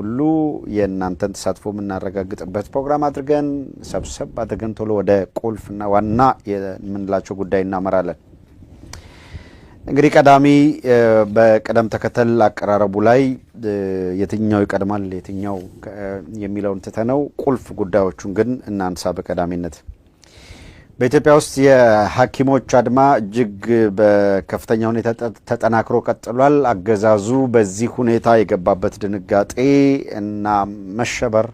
ሁሉ የእናንተን ተሳትፎ የምናረጋግጥበት ፕሮግራም አድርገን ሰብሰብ አድርገን ቶሎ ወደ ቁልፍና ዋና የምንላቸው ጉዳይ እናመራለን። እንግዲህ ቀዳሚ በቅደም ተከተል አቀራረቡ ላይ የትኛው ይቀድማል የትኛው የሚለውን ትተነው ቁልፍ ጉዳዮቹን ግን እናንሳ በቀዳሚነት። በኢትዮጵያ ውስጥ የሐኪሞች አድማ እጅግ በከፍተኛ ሁኔታ ተጠናክሮ ቀጥሏል። አገዛዙ በዚህ ሁኔታ የገባበት ድንጋጤ እና መሸበር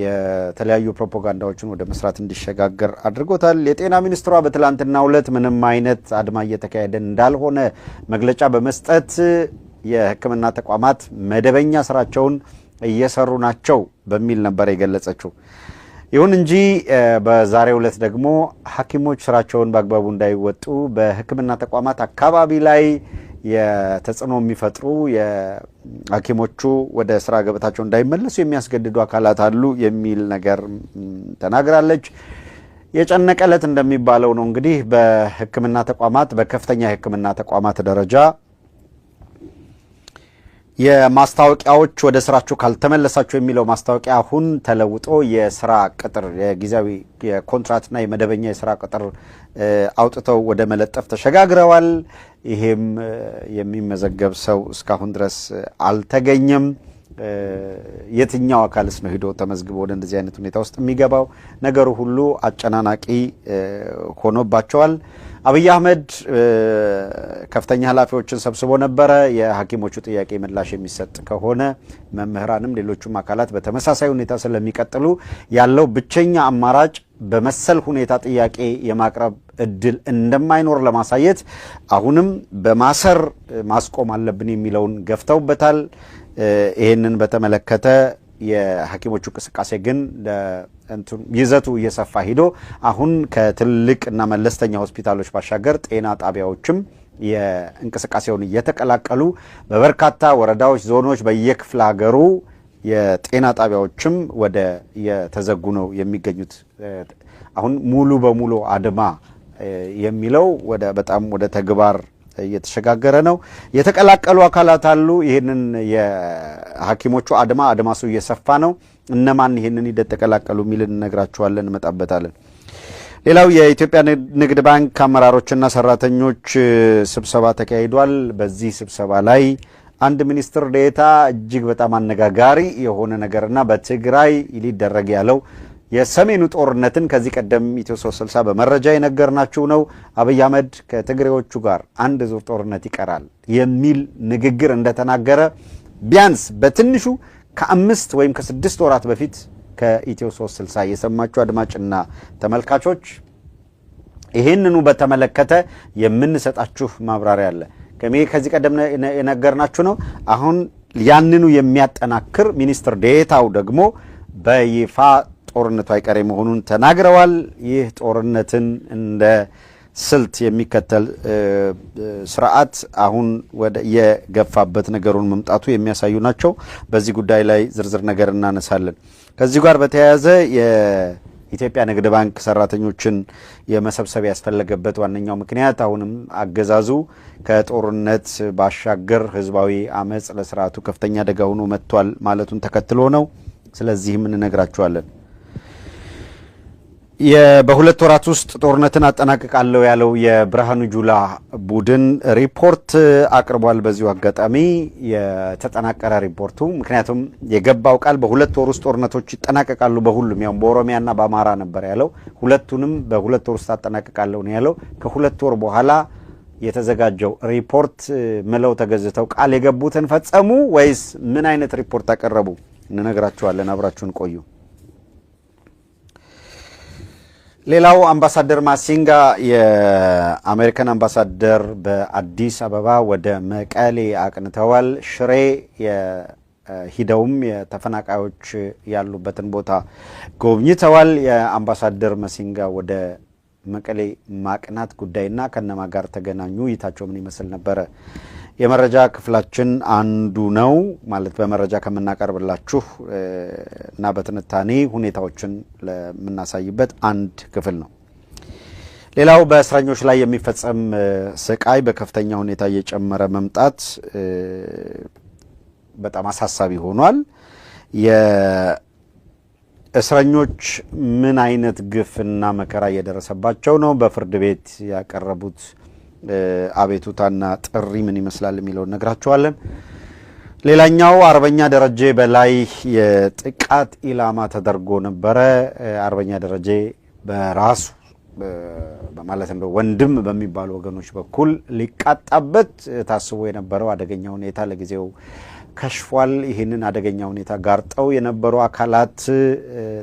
የተለያዩ ፕሮፓጋንዳዎችን ወደ መስራት እንዲሸጋገር አድርጎታል። የጤና ሚኒስትሯ በትላንትናው ዕለት ምንም አይነት አድማ እየተካሄደ እንዳልሆነ መግለጫ በመስጠት የሕክምና ተቋማት መደበኛ ስራቸውን እየሰሩ ናቸው በሚል ነበር የገለጸችው። ይሁን እንጂ በዛሬው ዕለት ደግሞ ሐኪሞች ስራቸውን በአግባቡ እንዳይወጡ በሕክምና ተቋማት አካባቢ ላይ የተጽዕኖ የሚፈጥሩ የሐኪሞቹ ወደ ስራ ገበታቸው እንዳይመለሱ የሚያስገድዱ አካላት አሉ የሚል ነገር ተናግራለች። የጨነቀ ዕለት እንደሚባለው ነው እንግዲህ በሕክምና ተቋማት በከፍተኛ የሕክምና ተቋማት ደረጃ የማስታወቂያዎች ወደ ስራችሁ ካልተመለሳችሁ የሚለው ማስታወቂያ አሁን ተለውጦ የስራ ቅጥር የጊዜያዊ የኮንትራትና የመደበኛ የስራ ቅጥር አውጥተው ወደ መለጠፍ ተሸጋግረዋል። ይሄም የሚመዘገብ ሰው እስካሁን ድረስ አልተገኘም። የትኛው አካልስ ነው ሂዶ ተመዝግቦ ወደ እንደዚህ አይነት ሁኔታ ውስጥ የሚገባው? ነገሩ ሁሉ አጨናናቂ ሆኖባቸዋል። አብይ አህመድ ከፍተኛ ኃላፊዎችን ሰብስቦ ነበረ። የሐኪሞቹ ጥያቄ ምላሽ የሚሰጥ ከሆነ መምህራንም፣ ሌሎቹም አካላት በተመሳሳይ ሁኔታ ስለሚቀጥሉ ያለው ብቸኛ አማራጭ በመሰል ሁኔታ ጥያቄ የማቅረብ እድል እንደማይኖር ለማሳየት አሁንም በማሰር ማስቆም አለብን የሚለውን ገፍተውበታል። ይህንን በተመለከተ የሐኪሞቹ እንቅስቃሴ ግን ይዘቱ እየሰፋ ሂዶ አሁን ከትልቅ እና መለስተኛ ሆስፒታሎች ባሻገር ጤና ጣቢያዎችም የእንቅስቃሴውን እየተቀላቀሉ በበርካታ ወረዳዎች፣ ዞኖች በየክፍለ ሀገሩ የጤና ጣቢያዎችም ወደ የተዘጉ ነው የሚገኙት። አሁን ሙሉ በሙሉ አድማ የሚለው በጣም ወደ ተግባር እየተሸጋገረ ነው። የተቀላቀሉ አካላት አሉ። ይህንን የሐኪሞቹ አድማ አድማሱ እየሰፋ ነው። እነማን ይህንን ሂደት ተቀላቀሉ የሚል እነግራችኋለን፣ እንመጣበታለን። ሌላው የኢትዮጵያ ንግድ ባንክ አመራሮችና ሰራተኞች ስብሰባ ተካሂዷል። በዚህ ስብሰባ ላይ አንድ ሚኒስትር ዴታ እጅግ በጣም አነጋጋሪ የሆነ ነገርና በትግራይ ሊደረግ ያለው የሰሜኑ ጦርነትን ከዚህ ቀደም ኢትዮ 360 በመረጃ የነገርናችሁ ነው። አብይ አህመድ ከትግሬዎቹ ጋር አንድ ዙር ጦርነት ይቀራል የሚል ንግግር እንደተናገረ ቢያንስ በትንሹ ከአምስት ወይም ከስድስት ወራት በፊት ከኢትዮ 360 የሰማችሁ አድማጭና ተመልካቾች ይህንኑ በተመለከተ የምንሰጣችሁ ማብራሪያ አለ። ከሜ ከዚህ ቀደም የነገርናችሁ ነው። አሁን ያንኑ የሚያጠናክር ሚኒስትር ዴታው ደግሞ በይፋ ጦርነቱ አይቀሬ መሆኑን ተናግረዋል። ይህ ጦርነትን እንደ ስልት የሚከተል ስርዓት አሁን ወደ የገፋበት ነገሩን መምጣቱ የሚያሳዩ ናቸው። በዚህ ጉዳይ ላይ ዝርዝር ነገር እናነሳለን። ከዚህ ጋር በተያያዘ የኢትዮጵያ ንግድ ባንክ ሰራተኞችን የመሰብሰብ ያስፈለገበት ዋነኛው ምክንያት አሁንም አገዛዙ ከጦርነት ባሻገር ህዝባዊ አመፅ ለስርዓቱ ከፍተኛ አደጋ ሆኖ መጥቷል ማለቱን ተከትሎ ነው። ስለዚህም እንነግራችኋለን። በሁለት ወራት ውስጥ ጦርነትን አጠናቅቃለሁ ያለው የብርሃኑ ጁላ ቡድን ሪፖርት አቅርቧል። በዚሁ አጋጣሚ የተጠናቀረ ሪፖርቱ ምክንያቱም የገባው ቃል በሁለት ወር ውስጥ ጦርነቶች ይጠናቀቃሉ በሁሉም ያውም በኦሮሚያና በአማራ ነበር ያለው። ሁለቱንም በሁለት ወር ውስጥ አጠናቅቃለሁ ነው ያለው። ከሁለት ወር በኋላ የተዘጋጀው ሪፖርት ምለው ተገዝተው ቃል የገቡትን ፈጸሙ ወይስ ምን አይነት ሪፖርት አቀረቡ? እንነግራችኋለን። አብራችሁን ቆዩ። ሌላው አምባሳደር ማሲንጋ የአሜሪካን አምባሳደር በአዲስ አበባ ወደ መቀሌ አቅንተዋል። ሽሬ ሂደውም የተፈናቃዮች ያሉበትን ቦታ ጎብኝተዋል። የአምባሳደር ማሲንጋ ወደ መቀሌ ማቅናት ጉዳይና ከነማ ጋር ተገናኙ? ውይይታቸው ምን ይመስል ነበረ? የመረጃ ክፍላችን አንዱ ነው ማለት በመረጃ ከምናቀርብላችሁ እና በትንታኔ ሁኔታዎችን ለምናሳይበት አንድ ክፍል ነው። ሌላው በእስረኞች ላይ የሚፈጸም ስቃይ በከፍተኛ ሁኔታ እየጨመረ መምጣት በጣም አሳሳቢ ሆኗል። የእስረኞች ምን አይነት ግፍና መከራ እየደረሰባቸው ነው? በፍርድ ቤት ያቀረቡት አቤቱታና ጥሪ ምን ይመስላል የሚለውን ነግራችኋለን። ሌላኛው አርበኛ ደረጀ በላይ የጥቃት ኢላማ ተደርጎ ነበረ። አርበኛ ደረጀ በራሱ በማለትም ወንድም በሚባሉ ወገኖች በኩል ሊቃጣበት ታስቦ የነበረው አደገኛ ሁኔታ ለጊዜው ከሽፏል። ይህንን አደገኛ ሁኔታ ጋርጠው የነበሩ አካላት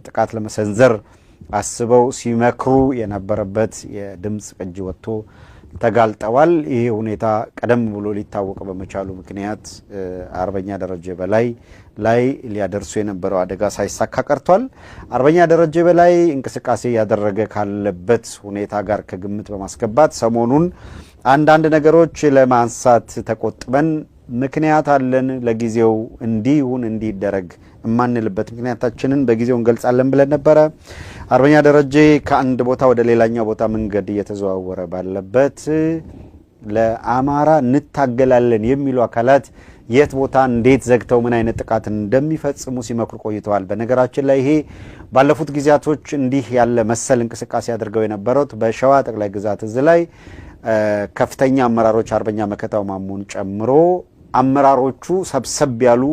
ጥቃት ለመሰንዘር አስበው ሲመክሩ የነበረበት የድምፅ ቅጂ ወጥቶ ተጋልጠዋል። ይሄ ሁኔታ ቀደም ብሎ ሊታወቅ በመቻሉ ምክንያት አርበኛ ደረጀ በላይ ላይ ሊያደርሱ የነበረው አደጋ ሳይሳካ ቀርቷል። አርበኛ ደረጀ በላይ እንቅስቃሴ እያደረገ ካለበት ሁኔታ ጋር ከግምት በማስገባት ሰሞኑን አንዳንድ ነገሮች ለማንሳት ተቆጥበን ምክንያት አለን ለጊዜው እንዲህ ይሁን እንዲህ ይደረግ የማንልበት ምክንያታችንን በጊዜው እንገልጻለን ብለን ነበረ። አርበኛ ደረጀ ከአንድ ቦታ ወደ ሌላኛው ቦታ መንገድ እየተዘዋወረ ባለበት ለአማራ እንታገላለን የሚሉ አካላት የት ቦታ እንዴት ዘግተው ምን አይነት ጥቃት እንደሚፈጽሙ ሲመክሩ ቆይተዋል። በነገራችን ላይ ይሄ ባለፉት ጊዜያቶች እንዲህ ያለ መሰል እንቅስቃሴ አድርገው የነበረት በሸዋ ጠቅላይ ግዛት እዝ ላይ ከፍተኛ አመራሮች አርበኛ መከታው ማሙን ጨምሮ አመራሮቹ ሰብሰብ ያሉ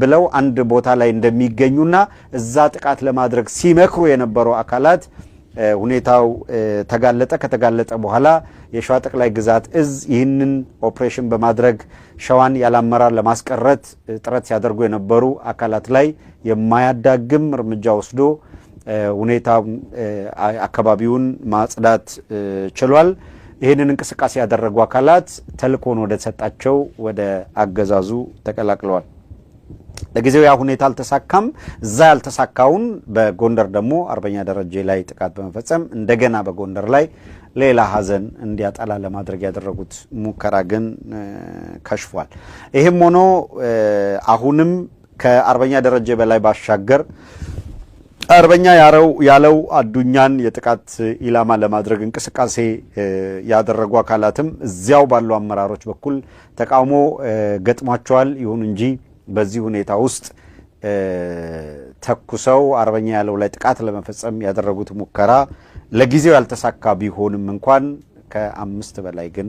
ብለው አንድ ቦታ ላይ እንደሚገኙና እዛ ጥቃት ለማድረግ ሲመክሩ የነበሩ አካላት ሁኔታው ተጋለጠ። ከተጋለጠ በኋላ የሸዋ ጠቅላይ ግዛት እዝ ይህንን ኦፕሬሽን በማድረግ ሸዋን ያላመራር ለማስቀረት ጥረት ሲያደርጉ የነበሩ አካላት ላይ የማያዳግም እርምጃ ወስዶ ሁኔታ አካባቢውን ማጽዳት ችሏል። ይህንን እንቅስቃሴ ያደረጉ አካላት ተልኮን ወደ ተሰጣቸው ወደ አገዛዙ ተቀላቅለዋል። ለጊዜው ያ ሁኔታ አልተሳካም። እዛ ያልተሳካውን በጎንደር ደግሞ አርበኛ ደረጀ ላይ ጥቃት በመፈጸም እንደገና በጎንደር ላይ ሌላ ሀዘን እንዲያጠላ ለማድረግ ያደረጉት ሙከራ ግን ከሽፏል። ይህም ሆኖ አሁንም ከአርበኛ ደረጀ በላይ ባሻገር አርበኛ ያለው አዱኛን የጥቃት ኢላማ ለማድረግ እንቅስቃሴ ያደረጉ አካላትም እዚያው ባሉ አመራሮች በኩል ተቃውሞ ገጥሟቸዋል። ይሁን እንጂ በዚህ ሁኔታ ውስጥ ተኩሰው አርበኛ ያለው ላይ ጥቃት ለመፈጸም ያደረጉት ሙከራ ለጊዜው ያልተሳካ ቢሆንም እንኳን ከአምስት በላይ ግን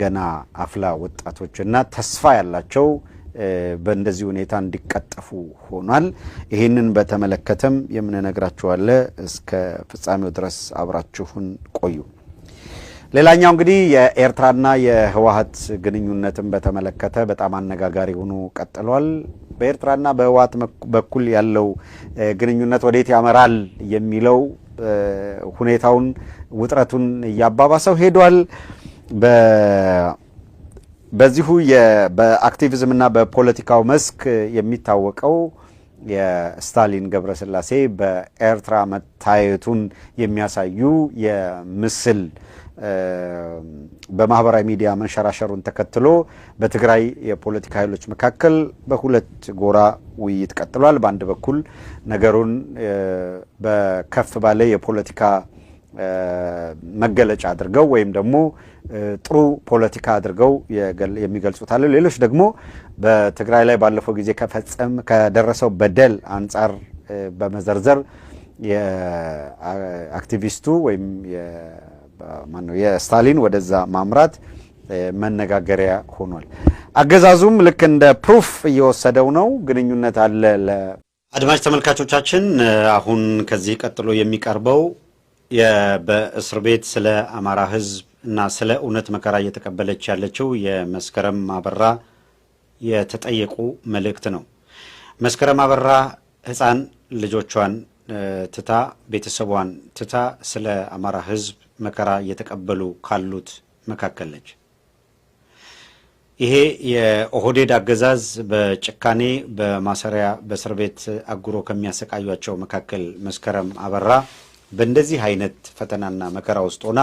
ገና አፍላ ወጣቶችና ተስፋ ያላቸው በእንደዚህ ሁኔታ እንዲቀጠፉ ሆኗል። ይህንን በተመለከተም የምንነግራችኋለ። እስከ ፍጻሜው ድረስ አብራችሁን ቆዩ። ሌላኛው እንግዲህ የኤርትራና የህወሀት ግንኙነትን በተመለከተ በጣም አነጋጋሪ ሆኖ ቀጥሏል። በኤርትራና በህወሀት በኩል ያለው ግንኙነት ወዴት ያመራል የሚለው ሁኔታውን ውጥረቱን እያባባሰው ሄዷል። በዚሁ በአክቲቪዝምና በፖለቲካው መስክ የሚታወቀው የስታሊን ገብረስላሴ በኤርትራ መታየቱን የሚያሳዩ የምስል በማህበራዊ ሚዲያ መንሸራሸሩን ተከትሎ በትግራይ የፖለቲካ ኃይሎች መካከል በሁለት ጎራ ውይይት ቀጥሏል። በአንድ በኩል ነገሩን በከፍ ባለ የፖለቲካ መገለጫ አድርገው ወይም ደግሞ ጥሩ ፖለቲካ አድርገው የሚገልጹት አለ። ሌሎች ደግሞ በትግራይ ላይ ባለፈው ጊዜ ከፈጸም ከደረሰው በደል አንጻር በመዘርዘር የአክቲቪስቱ ወይም የስታሊን ወደዛ ማምራት መነጋገሪያ ሆኗል። አገዛዙም ልክ እንደ ፕሩፍ እየወሰደው ነው። ግንኙነት አለ። አድማጭ ተመልካቾቻችን አሁን ከዚህ ቀጥሎ የሚቀርበው በእስር ቤት ስለ አማራ ህዝብ እና ስለ እውነት መከራ እየተቀበለች ያለችው የመስከረም አበራ የተጠየቁ መልእክት ነው። መስከረም አበራ ህፃን ልጆቿን ትታ ቤተሰቧን ትታ ስለ አማራ ህዝብ መከራ እየተቀበሉ ካሉት መካከል ነች። ይሄ የኦህዴድ አገዛዝ በጭካኔ በማሰሪያ በእስር ቤት አጉሮ ከሚያሰቃያቸው መካከል መስከረም አበራ በእንደዚህ አይነት ፈተናና መከራ ውስጥ ሆና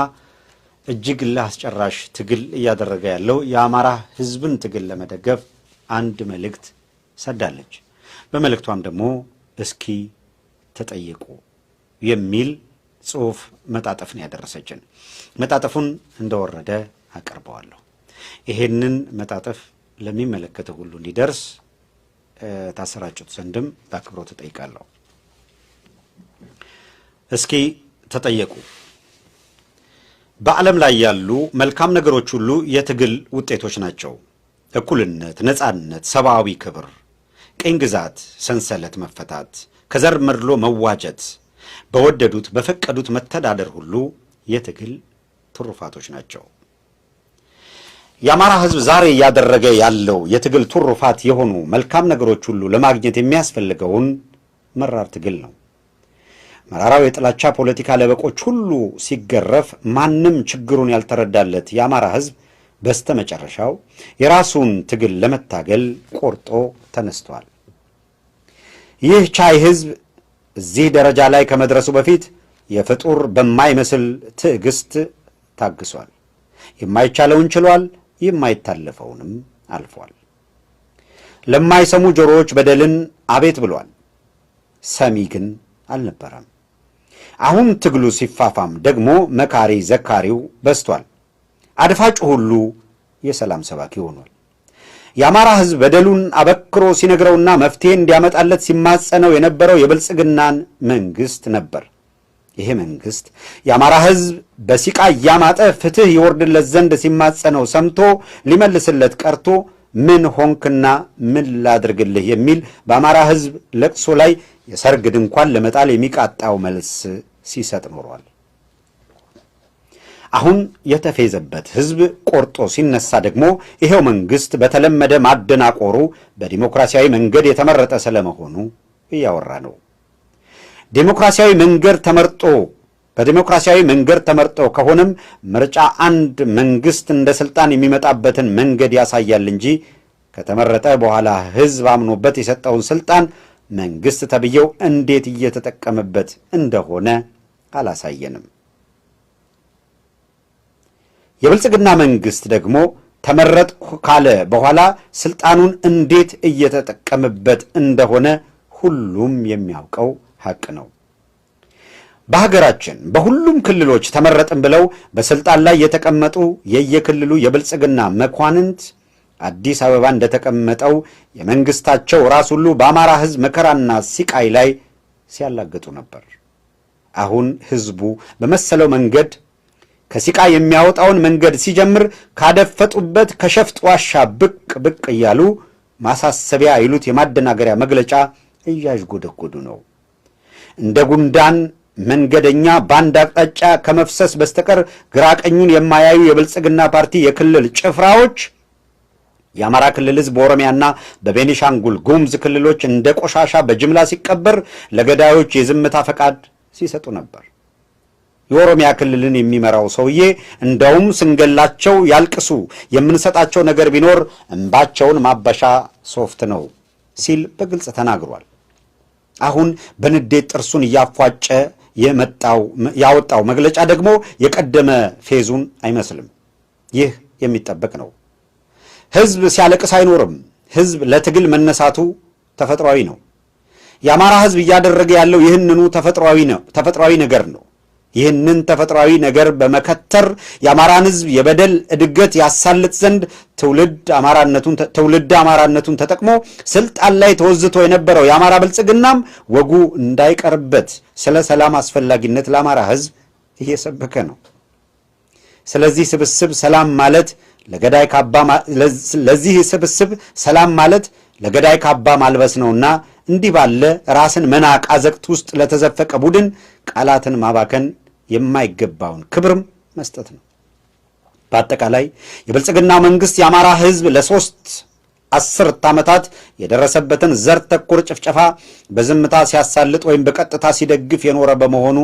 እጅግ ለአስጨራሽ ትግል እያደረገ ያለው የአማራ ህዝብን ትግል ለመደገፍ አንድ መልእክት ሰዳለች። በመልእክቷም ደግሞ እስኪ ተጠየቁ የሚል ጽሑፍ መጣጠፍን ያደረሰችን። መጣጠፉን እንደወረደ አቀርበዋለሁ። ይሄንን መጣጠፍ ለሚመለከተው ሁሉ እንዲደርስ ታሰራጩት ዘንድም በአክብሮት እጠይቃለሁ። እስኪ ተጠየቁ። በዓለም ላይ ያሉ መልካም ነገሮች ሁሉ የትግል ውጤቶች ናቸው። እኩልነት፣ ነፃነት፣ ሰብአዊ ክብር፣ ቅኝ ግዛት ሰንሰለት መፈታት፣ ከዘር መድሎ መዋጀት፣ በወደዱት በፈቀዱት መተዳደር ሁሉ የትግል ትሩፋቶች ናቸው። የአማራ ሕዝብ ዛሬ እያደረገ ያለው የትግል ትሩፋት የሆኑ መልካም ነገሮች ሁሉ ለማግኘት የሚያስፈልገውን መራር ትግል ነው። መራራው የጥላቻ ፖለቲካ ለበቆች ሁሉ ሲገረፍ ማንም ችግሩን ያልተረዳለት የአማራ በስተ በስተመጨረሻው የራሱን ትግል ለመታገል ቆርጦ ተነስቷል። ይህ ቻይ ህዝብ እዚህ ደረጃ ላይ ከመድረሱ በፊት የፍጡር በማይመስል ትዕግስት ታግሷል። የማይቻለውን ችሏል፣ የማይታለፈውንም አልፏል። ለማይሰሙ ጆሮዎች በደልን አቤት ብሏል፣ ሰሚ ግን አልነበረም። አሁን ትግሉ ሲፋፋም ደግሞ መካሪ ዘካሪው በዝቷል። አድፋጭ ሁሉ የሰላም ሰባኪ ሆኗል። የአማራ ሕዝብ በደሉን አበክሮ ሲነግረውና መፍትሄ እንዲያመጣለት ሲማጸነው የነበረው የብልጽግናን መንግስት ነበር። ይሄ መንግስት የአማራ ሕዝብ በሲቃ እያማጠ ፍትህ ይወርድለት ዘንድ ሲማጸነው ሰምቶ ሊመልስለት ቀርቶ ምን ሆንክና ምን ላድርግልህ የሚል በአማራ ህዝብ ለቅሶ ላይ የሰርግ ድንኳን ለመጣል የሚቃጣው መልስ ሲሰጥ ኖሯል። አሁን የተፌዘበት ህዝብ ቆርጦ ሲነሳ ደግሞ ይሄው መንግስት በተለመደ ማደናቆሩ በዲሞክራሲያዊ መንገድ የተመረጠ ስለመሆኑ እያወራ ነው። ዲሞክራሲያዊ መንገድ ተመርጦ በዲሞክራሲያዊ መንገድ ተመርጦ ከሆነም ምርጫ አንድ መንግስት እንደ ስልጣን የሚመጣበትን መንገድ ያሳያል እንጂ ከተመረጠ በኋላ ህዝብ አምኖበት የሰጠውን ስልጣን መንግስት ተብዬው እንዴት እየተጠቀመበት እንደሆነ አላሳየንም። የብልጽግና መንግስት ደግሞ ተመረጥኩ ካለ በኋላ ስልጣኑን እንዴት እየተጠቀመበት እንደሆነ ሁሉም የሚያውቀው ሐቅ ነው። በሀገራችን በሁሉም ክልሎች ተመረጥን ብለው በስልጣን ላይ የተቀመጡ የየክልሉ የብልጽግና መኳንንት አዲስ አበባ እንደተቀመጠው የመንግስታቸው ራስ ሁሉ በአማራ ህዝብ መከራና ሲቃይ ላይ ሲያላግጡ ነበር። አሁን ህዝቡ በመሰለው መንገድ ከሲቃይ የሚያወጣውን መንገድ ሲጀምር ካደፈጡበት ከሸፍጥ ዋሻ ብቅ ብቅ እያሉ ማሳሰቢያ ይሉት የማደናገሪያ መግለጫ እያዥጎደጎዱ ነው እንደ ጉንዳን መንገደኛ በአንድ አቅጣጫ ከመፍሰስ በስተቀር ግራቀኙን የማያዩ የብልጽግና ፓርቲ የክልል ጭፍራዎች የአማራ ክልል ህዝብ በኦሮሚያና በቤኒሻንጉል ጉሙዝ ክልሎች እንደ ቆሻሻ በጅምላ ሲቀበር ለገዳዮች የዝምታ ፈቃድ ሲሰጡ ነበር። የኦሮሚያ ክልልን የሚመራው ሰውዬ እንደውም ስንገላቸው ያልቅሱ፣ የምንሰጣቸው ነገር ቢኖር እምባቸውን ማበሻ ሶፍት ነው ሲል በግልጽ ተናግሯል። አሁን በንዴት ጥርሱን እያፏጨ ያወጣው መግለጫ ደግሞ የቀደመ ፌዙን አይመስልም። ይህ የሚጠበቅ ነው። ህዝብ ሲያለቅስ አይኖርም። ህዝብ ለትግል መነሳቱ ተፈጥሯዊ ነው። የአማራ ህዝብ እያደረገ ያለው ይህንኑ ተፈጥሯዊ ነገር ነው። ይህንን ተፈጥሯዊ ነገር በመከተር የአማራን ህዝብ የበደል እድገት ያሳልጥ ዘንድ ትውልድ አማራነቱን ትውልድ አማራነቱን ተጠቅሞ ስልጣን ላይ ተወዝቶ የነበረው የአማራ ብልጽግናም ወጉ እንዳይቀርበት ስለ ሰላም አስፈላጊነት ለአማራ ህዝብ እየሰበከ ነው። ስለዚህ ስብስብ ሰላም ማለት ለገዳይ ካባ ለዚህ ስብስብ ሰላም ማለት ለገዳይ ካባ ማልበስ ነውና እንዲህ ባለ ራስን መናቅ አዘቅት ውስጥ ለተዘፈቀ ቡድን ቃላትን ማባከን የማይገባውን ክብርም መስጠት ነው። በአጠቃላይ የብልጽግና መንግስት የአማራ ህዝብ ለሶስት አስርት ዓመታት የደረሰበትን ዘር ተኮር ጭፍጨፋ በዝምታ ሲያሳልጥ ወይም በቀጥታ ሲደግፍ የኖረ በመሆኑ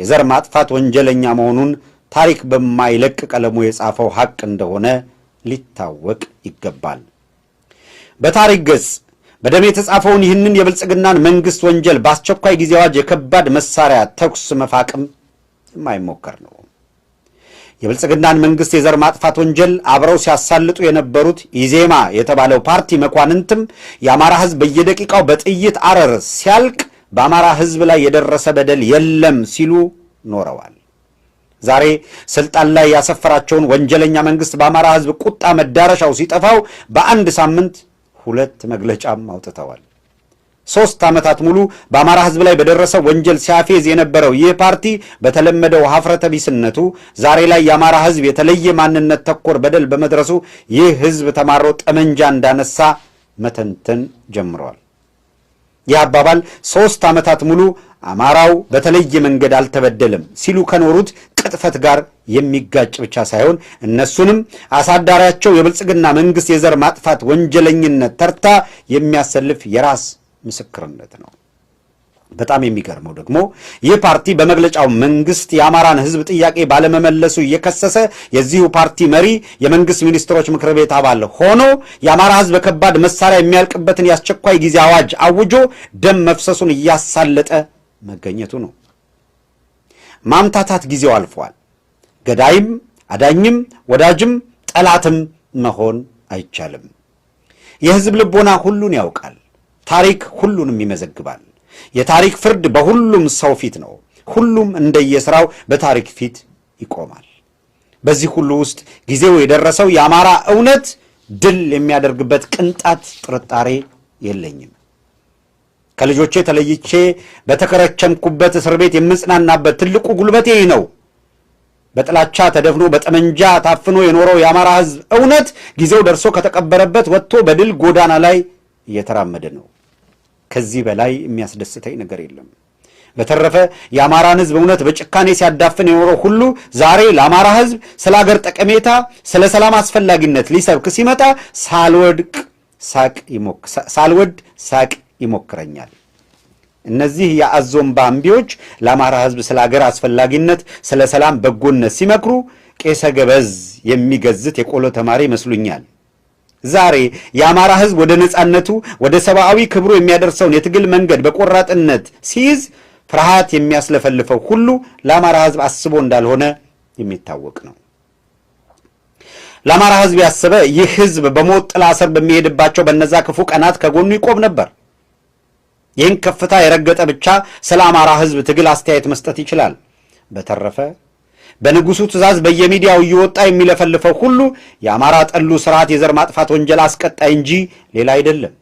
የዘር ማጥፋት ወንጀለኛ መሆኑን ታሪክ በማይለቅ ቀለሙ የጻፈው ሐቅ እንደሆነ ሊታወቅ ይገባል። በታሪክ ገጽ በደም የተጻፈውን ይህንን የብልጽግናን መንግስት ወንጀል በአስቸኳይ ጊዜ አዋጅ የከባድ መሳሪያ ተኩስ መፋቅም የማይሞከር ነው። የብልጽግናን መንግስት የዘር ማጥፋት ወንጀል አብረው ሲያሳልጡ የነበሩት ኢዜማ የተባለው ፓርቲ መኳንንትም የአማራ ህዝብ በየደቂቃው በጥይት አረር ሲያልቅ በአማራ ህዝብ ላይ የደረሰ በደል የለም ሲሉ ኖረዋል። ዛሬ ስልጣን ላይ ያሰፈራቸውን ወንጀለኛ መንግስት በአማራ ህዝብ ቁጣ መዳረሻው ሲጠፋው በአንድ ሳምንት ሁለት መግለጫም አውጥተዋል። ሶስት ዓመታት ሙሉ በአማራ ሕዝብ ላይ በደረሰ ወንጀል ሲያፌዝ የነበረው ይህ ፓርቲ በተለመደው ሀፍረተ ቢስነቱ ዛሬ ላይ የአማራ ሕዝብ የተለየ ማንነት ተኮር በደል በመድረሱ ይህ ሕዝብ ተማሮ ጠመንጃ እንዳነሳ መተንተን ጀምረዋል። ይህ አባባል ሶስት ዓመታት ሙሉ አማራው በተለየ መንገድ አልተበደለም ሲሉ ከኖሩት ቅጥፈት ጋር የሚጋጭ ብቻ ሳይሆን እነሱንም አሳዳሪያቸው የብልጽግና መንግስት የዘር ማጥፋት ወንጀለኝነት ተርታ የሚያሰልፍ የራስ ምስክርነት ነው። በጣም የሚገርመው ደግሞ ይህ ፓርቲ በመግለጫው መንግስት የአማራን ህዝብ ጥያቄ ባለመመለሱ እየከሰሰ የዚሁ ፓርቲ መሪ የመንግስት ሚኒስትሮች ምክር ቤት አባል ሆኖ የአማራ ህዝብ በከባድ መሳሪያ የሚያልቅበትን የአስቸኳይ ጊዜ አዋጅ አውጆ ደም መፍሰሱን እያሳለጠ መገኘቱ ነው። ማምታታት ጊዜው አልፏል። ገዳይም አዳኝም ወዳጅም ጠላትም መሆን አይቻልም። የህዝብ ልቦና ሁሉን ያውቃል። ታሪክ ሁሉንም ይመዘግባል። የታሪክ ፍርድ በሁሉም ሰው ፊት ነው። ሁሉም እንደየሥራው በታሪክ ፊት ይቆማል። በዚህ ሁሉ ውስጥ ጊዜው የደረሰው የአማራ እውነት ድል የሚያደርግበት ቅንጣት ጥርጣሬ የለኝም። ከልጆቼ ተለይቼ በተከረቸምኩበት እስር ቤት የምጽናናበት ትልቁ ጉልበቴ ይህ ነው። በጥላቻ ተደፍኖ በጠመንጃ ታፍኖ የኖረው የአማራ ሕዝብ እውነት ጊዜው ደርሶ ከተቀበረበት ወጥቶ በድል ጎዳና ላይ እየተራመደ ነው። ከዚህ በላይ የሚያስደስተኝ ነገር የለም። በተረፈ የአማራን ሕዝብ እውነት በጭካኔ ሲያዳፍን የኖረው ሁሉ ዛሬ ለአማራ ሕዝብ ስለ አገር ጠቀሜታ፣ ስለ ሰላም አስፈላጊነት ሊሰብክ ሲመጣ ሳልወድ ሳቅ ይሞክረኛል። እነዚህ የአዞምባ እምቢዎች ለአማራ ሕዝብ ስለ አገር አስፈላጊነት፣ ስለ ሰላም በጎነት ሲመክሩ ቄሰ ገበዝ የሚገዝት የቆሎ ተማሪ ይመስሉኛል። ዛሬ የአማራ ህዝብ ወደ ነፃነቱ ወደ ሰብአዊ ክብሩ የሚያደርሰውን የትግል መንገድ በቆራጥነት ሲይዝ ፍርሃት የሚያስለፈልፈው ሁሉ ለአማራ ህዝብ አስቦ እንዳልሆነ የሚታወቅ ነው። ለአማራ ህዝብ ያሰበ ይህ ህዝብ በሞት ጥላ ስር በሚሄድባቸው በነዛ ክፉ ቀናት ከጎኑ ይቆም ነበር። ይህን ከፍታ የረገጠ ብቻ ስለ አማራ ህዝብ ትግል አስተያየት መስጠት ይችላል። በተረፈ በንጉሱ ትእዛዝ በየሚዲያው እየወጣ የሚለፈልፈው ሁሉ የአማራ ጠሉ ስርዓት የዘር ማጥፋት ወንጀል አስቀጣይ እንጂ ሌላ አይደለም።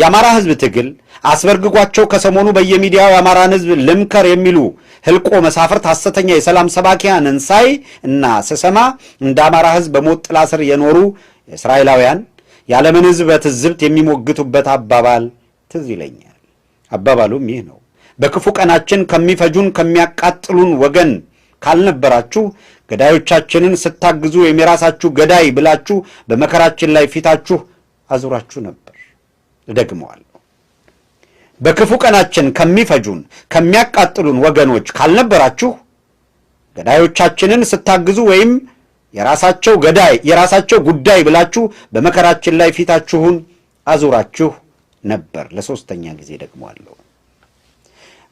የአማራ ህዝብ ትግል አስበርግጓቸው ከሰሞኑ በየሚዲያው የአማራን ህዝብ ልምከር የሚሉ ህልቆ መሳፍርት ሐሰተኛ የሰላም ሰባኪያንን ሳይ እና ስሰማ እንደ አማራ ህዝብ በሞት ጥላ ስር የኖሩ እስራኤላውያን የዓለምን ህዝብ በትዝብት የሚሞግቱበት አባባል ትዝ ይለኛል። አባባሉም ይህ ነው። በክፉ ቀናችን ከሚፈጁን ከሚያቃጥሉን ወገን ካልነበራችሁ ገዳዮቻችንን ስታግዙ የሚራሳችሁ ገዳይ ብላችሁ በመከራችን ላይ ፊታችሁ አዙራችሁ ነበር። እደግመዋለሁ። በክፉ ቀናችን ከሚፈጁን ከሚያቃጥሉን ወገኖች ካልነበራችሁ ገዳዮቻችንን ስታግዙ ወይም የራሳቸው ገዳይ የራሳቸው ጉዳይ ብላችሁ በመከራችን ላይ ፊታችሁን አዙራችሁ ነበር። ለሶስተኛ ጊዜ አለው።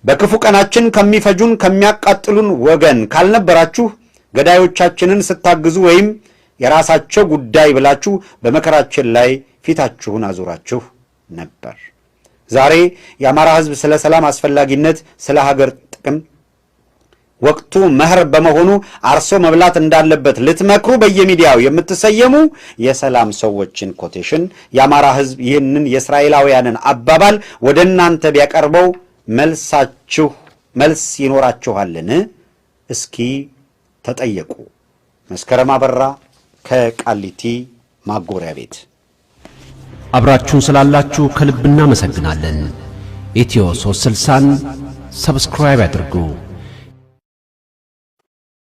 በክፉ ቀናችን ከሚፈጁን ከሚያቃጥሉን ወገን ካልነበራችሁ ገዳዮቻችንን ስታግዙ ወይም የራሳቸው ጉዳይ ብላችሁ በመከራችን ላይ ፊታችሁን አዙራችሁ ነበር። ዛሬ የአማራ ሕዝብ ስለ ሰላም አስፈላጊነት፣ ስለ ሀገር ጥቅም ወቅቱ መኸር በመሆኑ አርሶ መብላት እንዳለበት ልትመክሩ በየሚዲያው የምትሰየሙ የሰላም ሰዎችን ኮቴሽን የአማራ ሕዝብ ይህንን የእስራኤላውያንን አባባል ወደ እናንተ ቢያቀርበው መልሳችሁ መልስ ይኖራችኋልን? እስኪ ተጠየቁ። መስከረም አበራ ከቃሊቲ ማጎሪያ ቤት። አብራችሁን ስላላችሁ ከልብ እናመሰግናለን። ኢትዮ 360ን ሰብስክራይብ ያድርጉ።